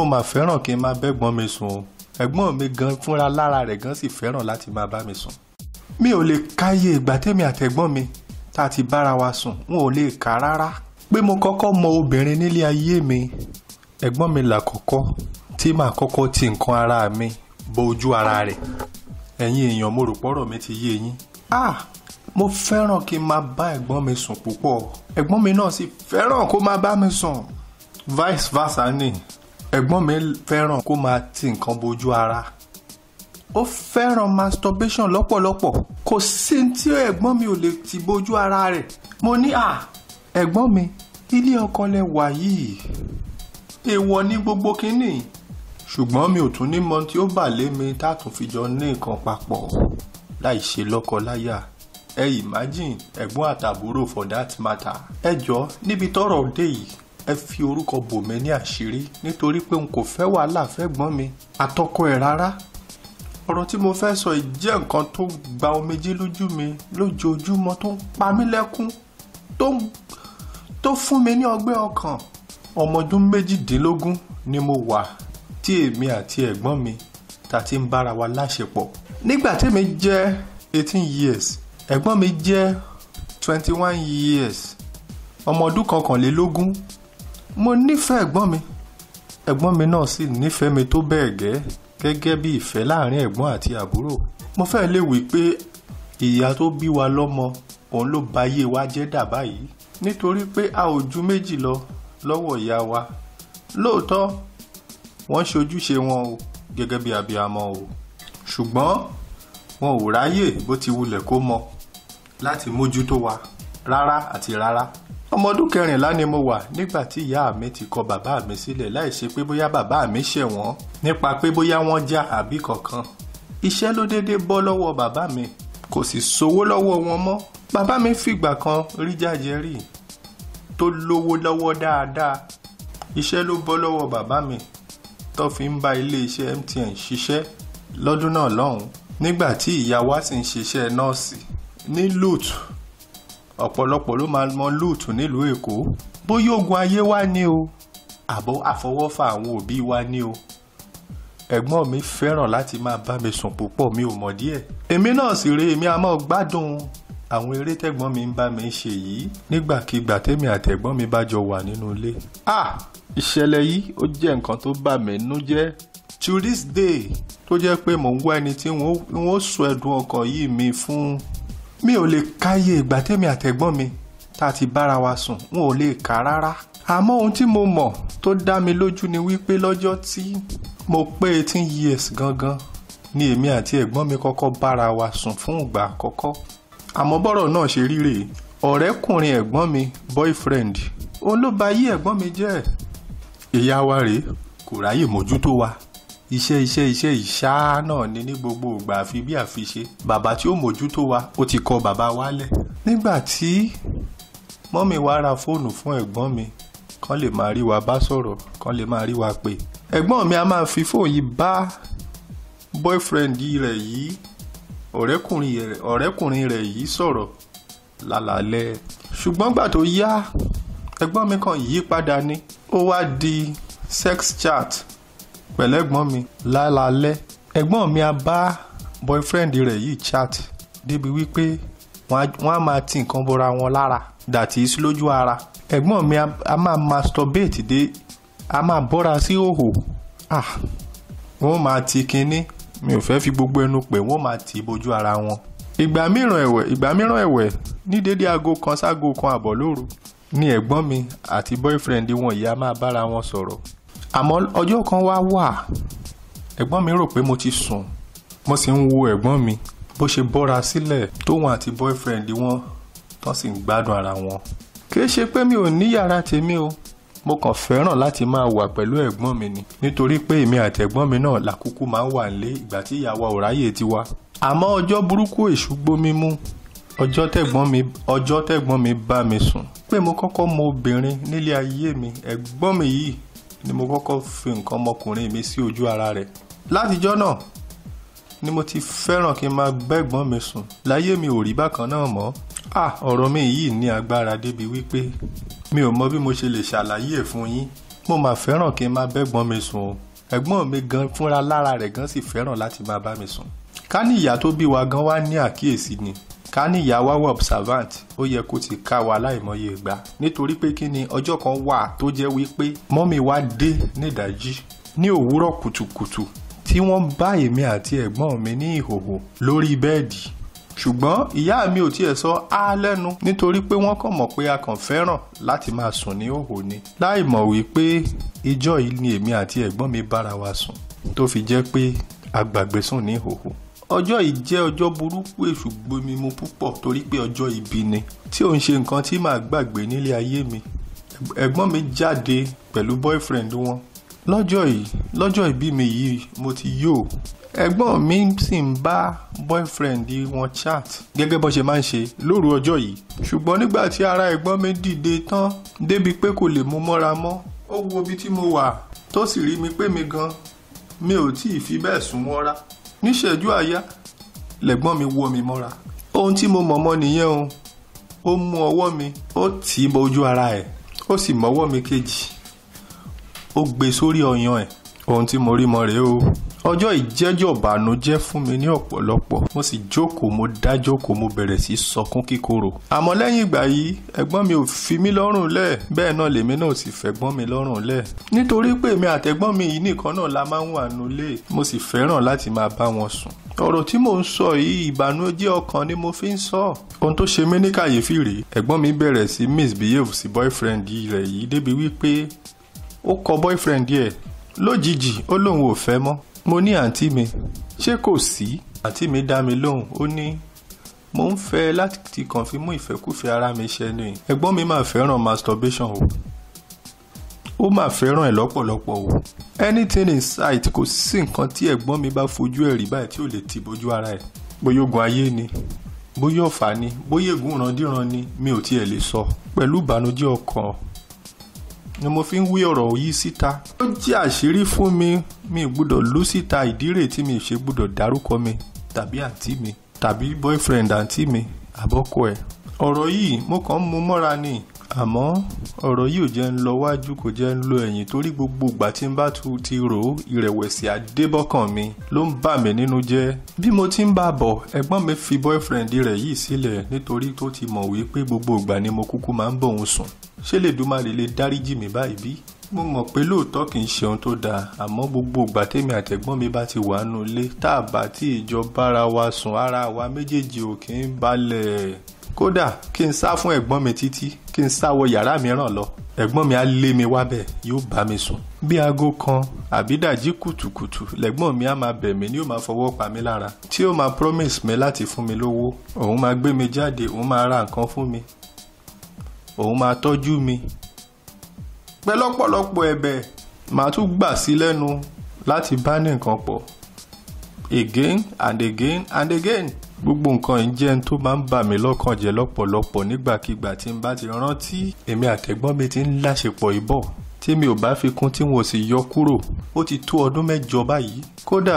mo mà fẹ́ràn kí n máa bẹ́gbọ́n mi sùn o ẹ̀gbọ́n mi gan fúnra lára rẹ̀ gan sì fẹ́ràn láti máa bá mi sùn. mi ò lè káyé ìgbà tẹ́mi àtẹ̀gbọ́n mi tá a ti bára wa sùn n ò lè kà rárá. pé mo kọ́kọ́ mọ obìnrin nílé ayé mi ẹ̀gbọ́n mi làkọ́kọ́ tí màá kọ́kọ́ ti nǹkan ara mi bọ ojú ara rẹ̀. ẹ̀yin èèyàn mo rò pọ́rọ̀ mi ti yé yín. ah mo fẹ́ràn kí n máa bá ẹ̀gbọ́n mi sùn púpọ̀ ẹ̀gbọ́n mi náà sì fẹ́ràn kó máa bá mi sùn vice versa ni ẹ̀gbọ́n mi fẹ́ràn kó máa ti nǹkan bojú ara ó fẹ́ràn masturbation lọ́pọ̀lọpọ̀ kò sí tí ẹ̀gbọ́n mi ò lè ti bojú ara rẹ̀ mo ní à ẹ̀gbọ́n mi ilé ọkọ lẹ wà yìí èèwọ̀ ní gbogbo kínní ṣùgbọ́n mi ò tún ní mọ tí ó bà lé mi tátùn fi jọ ní nǹkan papọ̀ láì ṣe lọ́kọ-láyà ẹ imagine ẹ̀gbọ́n àtàbúrò for that matter ẹ jọ níbi tọ́rọ̀ dé yìí ẹ fi orúkọ bò mí ní àṣírí nítorí pé n kò fẹ́ wàhálà fẹ́gbọ́n mi àtọkọ ẹ̀ rárá ọ̀rọ̀ tí mo fẹ́ sọ jẹ́ nǹkan tó gba omijé lójú mi lójoojúmọ́ tó ń pa mí lẹ́kún tó fún mi ní ọgbẹ́ ọkàn ọmọdún méjìdínlógún ni mo wà tí èmi àti ẹ̀gbọ́n mi ta ti ń bára wa láṣepọ̀ nígbà tèmi jẹ́ eighteen years ẹ̀gbọ́n mi jẹ́ twenty one years ọmọ kọkànlélógún mo nífẹ̀ẹ́ ẹ̀gbọ́n mi ẹ̀gbọ́n mi náà sì nífẹ̀ẹ́ mi tó bẹ́ẹ̀ gẹ́ gẹ́gẹ́ bí ìfẹ́ láàrin ẹ̀gbọ́n àti àbúrò mo fẹ́ lè wí pé ìyá tó bí wa lọ́mọ òun ló ba ayé wa jẹ́ dà báyìí nítorí pé a ò ju méjì lọ lọ́wọ́ ìyá wa lóòótọ́ wọ́n ṣojúṣe wọn o gẹ́gẹ́ bí abiyamọ o ṣùgbọ́n wọn ò ráyè bó ti wulẹ̀ kó mọ láti mójútó wa rárá àti rárá ọmọ ọdún kẹrìnlá ni mo wà nígbà tí ìyá mi ti kọ bàbá mi sílẹ̀ láìsí pé bóyá bàbá mi ṣẹ̀ wọ́n nípa pé bóyá wọ́n já àbí kankan iṣẹ́ ló déédé bọ́ lọ́wọ́ bàbá mi kò sì sówó lọ́wọ́ wọn mọ́ bàbá mi fìgbà kan rí jáde rí tó lówó lọ́wọ́ dáadáa iṣẹ́ ló bọ́ lọ́wọ́ bàbá mi tó fi ń bá iléeṣẹ́ MTN ṣiṣẹ́ lọ́dún náà lọ́hùn-ún nígbà tí ìyá wa sì ń ṣiṣẹ́ nọ́ọ̀sì ní lute ọ̀pọ̀lọpọ̀ ló máa mọ lóòtù nílùú èkó bóyá ogun ayé wá ní o àbọ̀ àfọwọ́fà àwọn òbí wa ní o ẹ̀gbọ́n mi fẹ́ràn láti máa bá mi sùn púpọ̀ mi ò mọ̀ díẹ̀ èmi náà sì rè èmi a máa gbádùn àwọn eré tẹ̀gbọ́n mi ń bá mi ṣe yìí nígbàkigbà tèmi àtẹ̀gbọ́n mi bá jọ wà nínú ilé. a ìṣẹ̀lẹ̀ yìí ó jẹ́ nǹkan tó bà mí nú jẹ́ to this day tó jẹ́ pé mò ń wá ẹni tí wọ́n sọ ẹ̀dùn ọkàn yìí mi fún mi ò lè káyé ìgbà tẹ́mi àtẹ̀gbọ́n mi tá a ti bára wa sùn wọn ò lè kà rárá àmọ́ ohun tí mo mọ̀ tó dá mi lójú ni wípé lọ́jọ́ tí mo pé eighteen years gangan ni èmi àti ẹ̀gbọ́n mi kọ́kọ́ bára wa sùn fún ìgbà àkọ́kọ́ àmọ́ bọ́rọ̀ náà ṣe rí rèé ọ̀rẹ́kùnrin ẹ̀gbọ́n mi boyfriend òun ló ba yí ẹ̀gbọ́n mi jẹ́ ìyá wa rèé kò ráyè mójútó wa iṣẹ́ iṣẹ́ iṣẹ́ ìṣá náà ni ní gbogbo ìgbà àfi bí àfiṣe bàbá tí ó mójútó wa ó ti kọ bàbá wálẹ̀. nígbà tí mọ́mi wa ra fóònù fún ẹ̀gbọ́n mi kán lè máa rí wa bá sọ̀rọ̀ kán lè máa rí wa pè. ẹ̀gbọ́n mi a máa fi fóònù yìí bá boyfriend rẹ̀ yìí ọ̀rẹ́kùnrin rẹ̀ yìí sọ̀rọ̀ lálàálẹ̀ ṣùgbọ́n gbà tó yá ẹ̀gbọ́n mi kàn yí padà ni ó wá di sex chat pẹ̀lú ẹ̀gbọ́n mi lálálẹ́ ẹ̀gbọ́n mi a bá boyfriend rẹ̀ yìí chat débi wípé wọ́n á máa ti nǹkan bora wọn lára dàtí lójú ara ẹ̀gbọ́n mi a máa masturbate dé a máa bọ́ra sí òhò ah wọ́n máa ti kinní mi ò fẹ́ fi gbogbo ẹnu pé wọ́n máa ti bojú ara wọn. ìgbà mìíràn ẹ̀wẹ̀ ìgbà mìíràn ẹ̀wẹ̀ ní dédé aago kan ságo kan àbọ̀ lóru ni ẹ̀gbọ́n mi àti boyfriend wọn yìí a máa bára wọn sọ̀rọ̀ àmọ́ ọjọ́ kan wá wà ẹ̀gbọ́n mi rò pé mo ti sùn mo sì ń wo ẹ̀gbọ́n mi bó ṣe bọ́ra sílẹ̀ tóun àti boyfriend wọn tán sì ń gbádùn ara wọn. kì í ṣe pé mi ò ní yàrá tèmi o mo kàn fẹ́ràn láti máa wà pẹ̀lú ẹ̀gbọ́n mi ni nítorí pé èmi àtẹ̀gbọ́n mi náà làkúkú máa ń wà nílé ìgbà tí ìyàwó òráyè ti wá. àmọ́ ọjọ́ burúkú èṣù gbomi mú ọjọ́ tẹ̀gbọ́n mi ọjọ́ tẹ̀gbọ́n mi bá mi sùn pé mo kọ́kọ́ mọ obìnrin nílé ayé mi ẹ̀gbọ́n mi yìí ni mo kọ́kọ́ fi nǹkan ọmọkùnrin mi sí ojú ara rẹ̀ látijọ́ náà ni mo ti fẹ́ràn kí n máa bẹ́gbọ́n mi sùn láyé mi ò rí bákan náà mọ́ à ọ̀rọ̀ mi yìí ní agbára débi wípé mi ò mọ bí mo ṣe lè ṣàlàyé ẹ̀ fún yín mo máa fẹ́ràn kí n máa bẹ́gbọ́n mi sùn o ẹ̀gbọ́n mi gan fúnra lára rẹ̀ gan sì fẹ́ràn láti máa bá mi sùn ká ní ìyá tó bí wa gan wá ní àkíyèsí ni ká níyà wá wà observant ó yẹ kó ti ká wa láìmọye ìgbà nítorí pé kí ni ọjọ́ kan wà tó jẹ́ wípé mọ́mì wa dé nídàájí ní òwúrọ̀ kùtùkùtù tí wọ́n bá èmi àti ẹ̀gbọ́n mi ní ìhòhò lórí bẹ́ẹ̀dì ṣùgbọ́n ìyá mi ò tiẹ̀ sọ á lẹ́nu nítorí pé wọ́n kàn mọ̀ pé a kàn fẹ́ràn láti máa sùn ní òhò ni láì wípé ìjọ́ yìí ni èmi àti ẹ̀gbọ́n mi bára wa sùn tó fi jẹ́ pé a ní ìhòhò ọjọ́ yìí jẹ́ ọjọ́ burúkú èṣù gbomi mu púpọ̀ torí pé ọjọ́ ìbí ni tí ò ń ṣe nǹkan tí màá gbàgbé nílé ayé mi ẹ̀gbọ́n mi jáde pẹ̀lú boyfriend wọn lọ́jọ́ yìí lọ́jọ́ ìbí mi yìí mo ti yó ẹ̀gbọ́n mi sì ń bá boyfriend wọn chat gẹ́gẹ́ bó ṣe máa ń ṣe lóru ọjọ́ yìí ṣùgbọ́n nígbà tí ara ẹ̀gbọ́n mi dìde tán débi pé kò lè mú mọ́ra mọ́ ó wo ibi tí mo wà tó sì rí mi pé mi gan mi ò tí ì fi bẹ́ẹ̀ sún mọ́ra níṣẹ́jú àyá lẹ́gbọ́n mi wọ́ mi mọ́ra ohun tí mo mọ̀mọ́ nìyẹn o ó mú ọwọ́ mi ó tì í bọ ojú ara ẹ̀ ó sì mọ́wọ́ mi kejì ó gbé sórí ọyàn ẹ̀ ohun tí mo rí mọ́ rèé o ọjọ́ ìjẹ́jọ́ ìbànújẹ́ fún mi ní ọ̀pọ̀lọpọ̀ mo sì jókòó mo dá jókòó mo bẹ̀rẹ̀ sí sọkún kíkorò àmọ́ lẹ́yìn ìgbà yìí ẹ̀gbọ́n mi ò fi mí lọ́rùn lẹ̀ bẹ́ẹ̀ náà lèmi náà sì fẹ̀gbọ́n mi lọ́rùn lẹ̀ nítorí pé èmi àtẹ̀gbọ́n mi yìí nìkan náà la máa ń wà nulé mo sì fẹ́ràn láti máa bá wọn sùn ọ̀rọ̀ tí mò ń sọ yìí ìbànújẹ́ ọkàn ni mo fi ń sọ ohun tó ṣe mí ní kàyéfì rèé ẹ̀gbọ́n mi bẹ̀rẹ̀ sí misbehave sí boyfriend rẹ̀ yìí débi wípé ó kọ boyfriend yẹ lójijì ó lóun ò fẹ́ mọ́ mo ní àǹtí mi ṣé kò sí àǹtí mi dá mi lóhùn ó ní mo ń fẹ́ láti kàn fi mú ìfẹ́kùfẹ́ ara mi ṣẹ ni ẹ̀gbọ́n mi máa fẹ́ràn masturbation o ó máa fẹ́ràn ẹ̀ lọ́pọ̀lọpọ̀ o anything in sight kò sí nǹkan tí ẹ̀gbọ́n mi bá fojú ẹ̀ rí báyìí tí ò lè ti bójú ara ẹ̀ bóyá ogun ayé ni bóyá ọ̀fà ni bóyá ègún randíran ni mi ò tiẹ̀ lè sọ pẹ̀lú ìbànújẹ́ ọkàn ni mo fi ń wí ọ̀rọ̀ yìí síta. ó jẹ́ àṣírí fún mi mi gbọ́dọ̀ lù síta ìdí rẹ̀ tí mi ṣe gbọ́dọ̀ dárúkọ mi tàbí àǹtí mi tàbí boyfriend àǹtí mi àbọ́kọ ẹ̀. ọ̀rọ̀ yìí mo kàn ń mu mọ́ra ni àmọ́ ọ̀rọ̀ yìí ò jẹ́ ń lọ wájú kò jẹ́ ń lọ ẹ̀yìn torí gbogbo ìgbà tí n bá ti rò ó ìrẹ̀wẹ̀sì àdébọ́kàn mi ló ń bà mí nínú jẹ́. bí mo ti ń bá a bọ̀ ẹ̀gbọ́n mi fi boyfriend rẹ̀ yìí sílẹ̀ nítorí tó ti mọ̀ wípé gbogbo ìgbà ni mo kúkú máa ń bọ̀ òun sùn ṣé lèdùmarè lè dáríjì mi báyìí bí? mo mọ̀ pé lóòótọ́ kì í ṣe ohun tó dáa àmọ́ gbogbo ìgbà tèmi àtẹ̀gbọ́n mi bá ti wà nù ilé tá a bá tí ìjọba ara wa sùn ara wa méjèèjì ò kì í balẹ̀. kódà kí n sá fún ẹ̀gbọ́n mi títí kí n sá wọ yàrá mìíràn lọ ẹ̀gbọ́n mi á lé mi wá bẹ́ẹ̀ yóò bá mi sùn. bí aago kan àbídàjí kùtùkùtù lẹ́gbọ́n mi á máa bẹ̀ mí ni yóò máa fọwọ́ pa mí lára tí yóò máa promise mi láti fún mi lówó òun máa gbé mi jáde òun máa ra nǹkan fún mi òun máa tọ́jú mi pẹ̀lú ọ̀pọ̀lọpọ̀ ẹ̀bẹ̀ màá tún gbà sí lẹ́nu láti bá nìkan pọ̀ again and again and again gbogbo nǹkan yìí jẹ́ n tó máa ń bà mí lọ́kàn jẹ́ lọ́pọ̀lọpọ̀ nígbàkigbà tí n bá ti rántí èmi àtẹ̀gbọ́n mi ti ń láṣepọ̀ ìbọ̀ tí mi ò bá fi kún tí wọn ò sì yọ kúrò ó ti tó ọdún mẹ́jọ báyìí kódà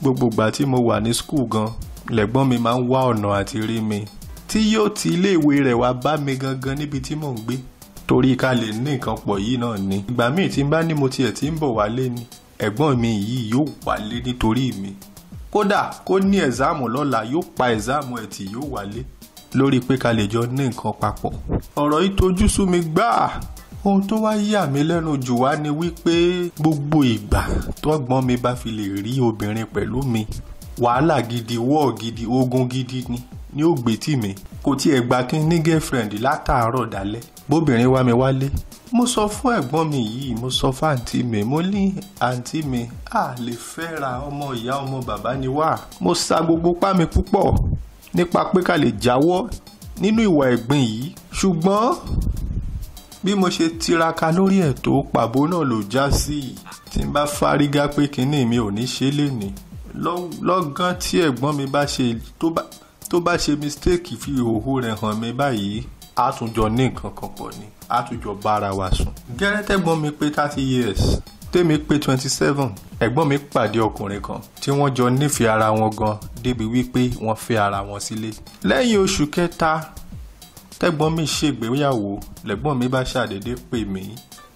gbogbo ìgbà tí mo wà ní skul gan lẹ̀gbọ́n mi máa ń wá ọ̀nà àti rí mi tí yóò ti iléèwé rẹ̀ wá bá mi gangan níbi tí mò ń gbé torí ká lè ní nǹkan pọ̀ yìí náà ni. ìgbà míì tí n bá ní mo tiẹ̀ ti ń bọ̀ wálé ni ẹ̀gbọ́n mi yìí yóò wálé nítorí mi kódà kó ní ẹ̀záàmù lọ́la yóò pa ẹ̀záàmù ẹ̀ tì yóò wálé lórí pé ká lè jọ ní nǹkan papọ̀. ọ̀rọ̀ yìí tojú sú mi gbáà ohun tó wá yà mí lẹ́nu jù wá ni wípé gbogbo ìgbà tọ́gbọ́n mi bá fi lè rí obìnrin pẹ̀lú mi wàhálà gidi wọ́ọ̀ gidi ogun gidi ni ni ó gbé tì mí kò tiẹ̀ gbà kí n ní girlfriend látàárọ̀ dálẹ́ bóbìnrin wá mi wálé mo sọ fún ẹ̀gbọ́n mi yìí mo sọ fún àǹtí mi mo ní àǹtí mi a lè fẹ́ra ọmọ ìyá ọmọ bàbá ni wá mo sa gbogbo pá mi púpọ̀ nípa pé ká lè jáwọ́ nínú ìwà ẹ̀gbin yìí ṣùgbọ́n bí mo ṣe tiraka lórí ẹ̀ pàbó náà ló já sí tí n bá fárígá pé kinní mi ò ní ṣe lénìí lọ́gán tí ẹ̀gbọ́n mi bá ṣe tó bá tó bá ṣe mistake fi ìhòòhò rẹ̀ hàn mí báyìí a tún jọ ní nǹkan kan pọ̀ ni a tún jọ bára wa sùn. gẹ́rẹ́tẹ̀gbọ́n mi pé thirty years tèmi pé twenty seven ẹ̀gbọ́n mi pàdé ọkùnrin kan tí wọ́n jọ nífẹ̀ẹ́ ara wọn gan débi wípé wọ́n fẹ́ ara wọn sílé. lẹ́yìn oṣù kẹta tẹ́gbọ́n mi ṣègbéyàwó lẹ́gbọ́n mi bá ṣàdédé pè mí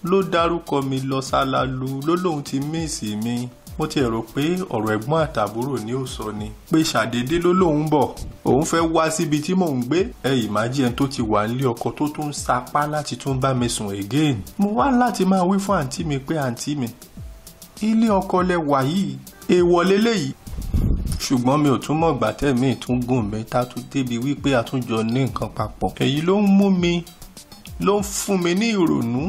ló dárúkọ mi lọ sálálú ló lóun ti míìsì mi mo ti rò pé ọ̀rọ̀ ẹ̀gbọ́n àtàbúrò ni ó sọ ni pé ṣàdédé ló lóun bọ̀ òun fẹ́ wá síbi tí mò ń gbé ẹ ìmájí ẹni tó ti wà nílé ọkọ tó tún ń sapá láti tún bá mi sùn again mo wá láti máa wí fún àǹtí mi pé àǹtí mi ilé ọkọ lẹ wà yìí èèwọ̀ leléyìí ṣùgbọ́n mi ò tún mọ̀ gbà tẹ́mi tún gùn mi tá tún débi wípé a tún jọ ní nǹkan papọ̀ èyí ló ń mú mi ló ń fún mi ní ìrònú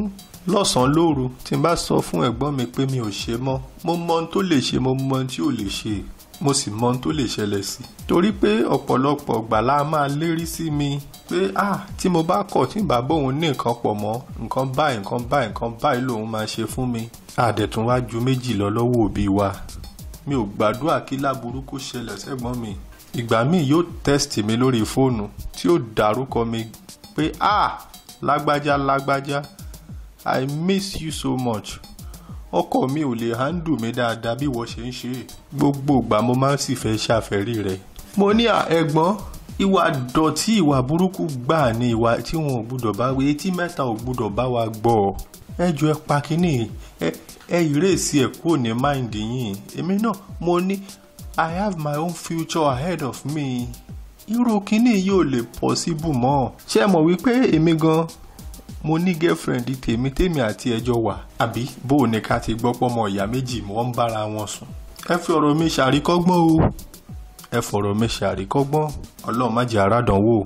lọ́sàn-án lóru tí n bá sọ fún ẹ̀gbọ́n mi pé mi ò ṣe mọ́ mo mọ ohun tó lè ṣe mo mọ ohun tí ò lè ṣe mo sì mọ ohun tó lè ṣẹlẹ̀ sí. torí pé ọ̀pọ̀lọpọ̀ gbàlá máa lérí sí mi pé ah tí mo bá kọ̀ tí bá bóun ní nǹkan pọ̀ mọ́ nǹkan báyìí nǹkan báyìí nǹkan báyìí lòun máa ṣe fún mi. àdẹ̀tún wá ju méjì lọ lọ́wọ́ òbí wa mi ò gbàdúrà kí láburú kó ṣẹlẹ̀ sẹ́gbọ́n mi ìgbà míì yóò tẹ́sítì mi lórí fóònù tí yóò dárúkọ mi pé ah lágbájá lágbájá I miss you so much. ọkọ mi ò lè handle mi dáadáa bí wọ́n ṣe ń ṣe é. gbogbo ìgbà mo máa ń sì fẹ́ ṣàfẹ́rí rẹ̀. mo ní ẹ̀gbọ́n ìwà dọ̀tí ìwà burúkú gbà ní ìwà tí wọn ò gbúdọ̀ bá wí etí mẹ́ta ò gbúdọ̀ bá wa gbọ́ ọ. ẹ jọ ẹ pa kínní ẹ ìrèsí ẹ kúrò ní máìndì yìí èmi náà mo ní I have my own future ahead of me irú kínní yóò lè possible mọ́ ṣé mo wí pé èmi gan-an mo ní girlfriend tèmi tèmi àti ẹjọ́ wà àbí bó o ní ká ti gbọ́ pọ́mọ ìyá méjì wọ́n ń bára wọn sùn ẹ fi ọ̀rọ̀ mi ṣàríkọ́gbọ́n o ẹ fọ̀rọ̀ mi ṣàríkọ́gbọ́n ọlọ́run má jẹ́ arádánwò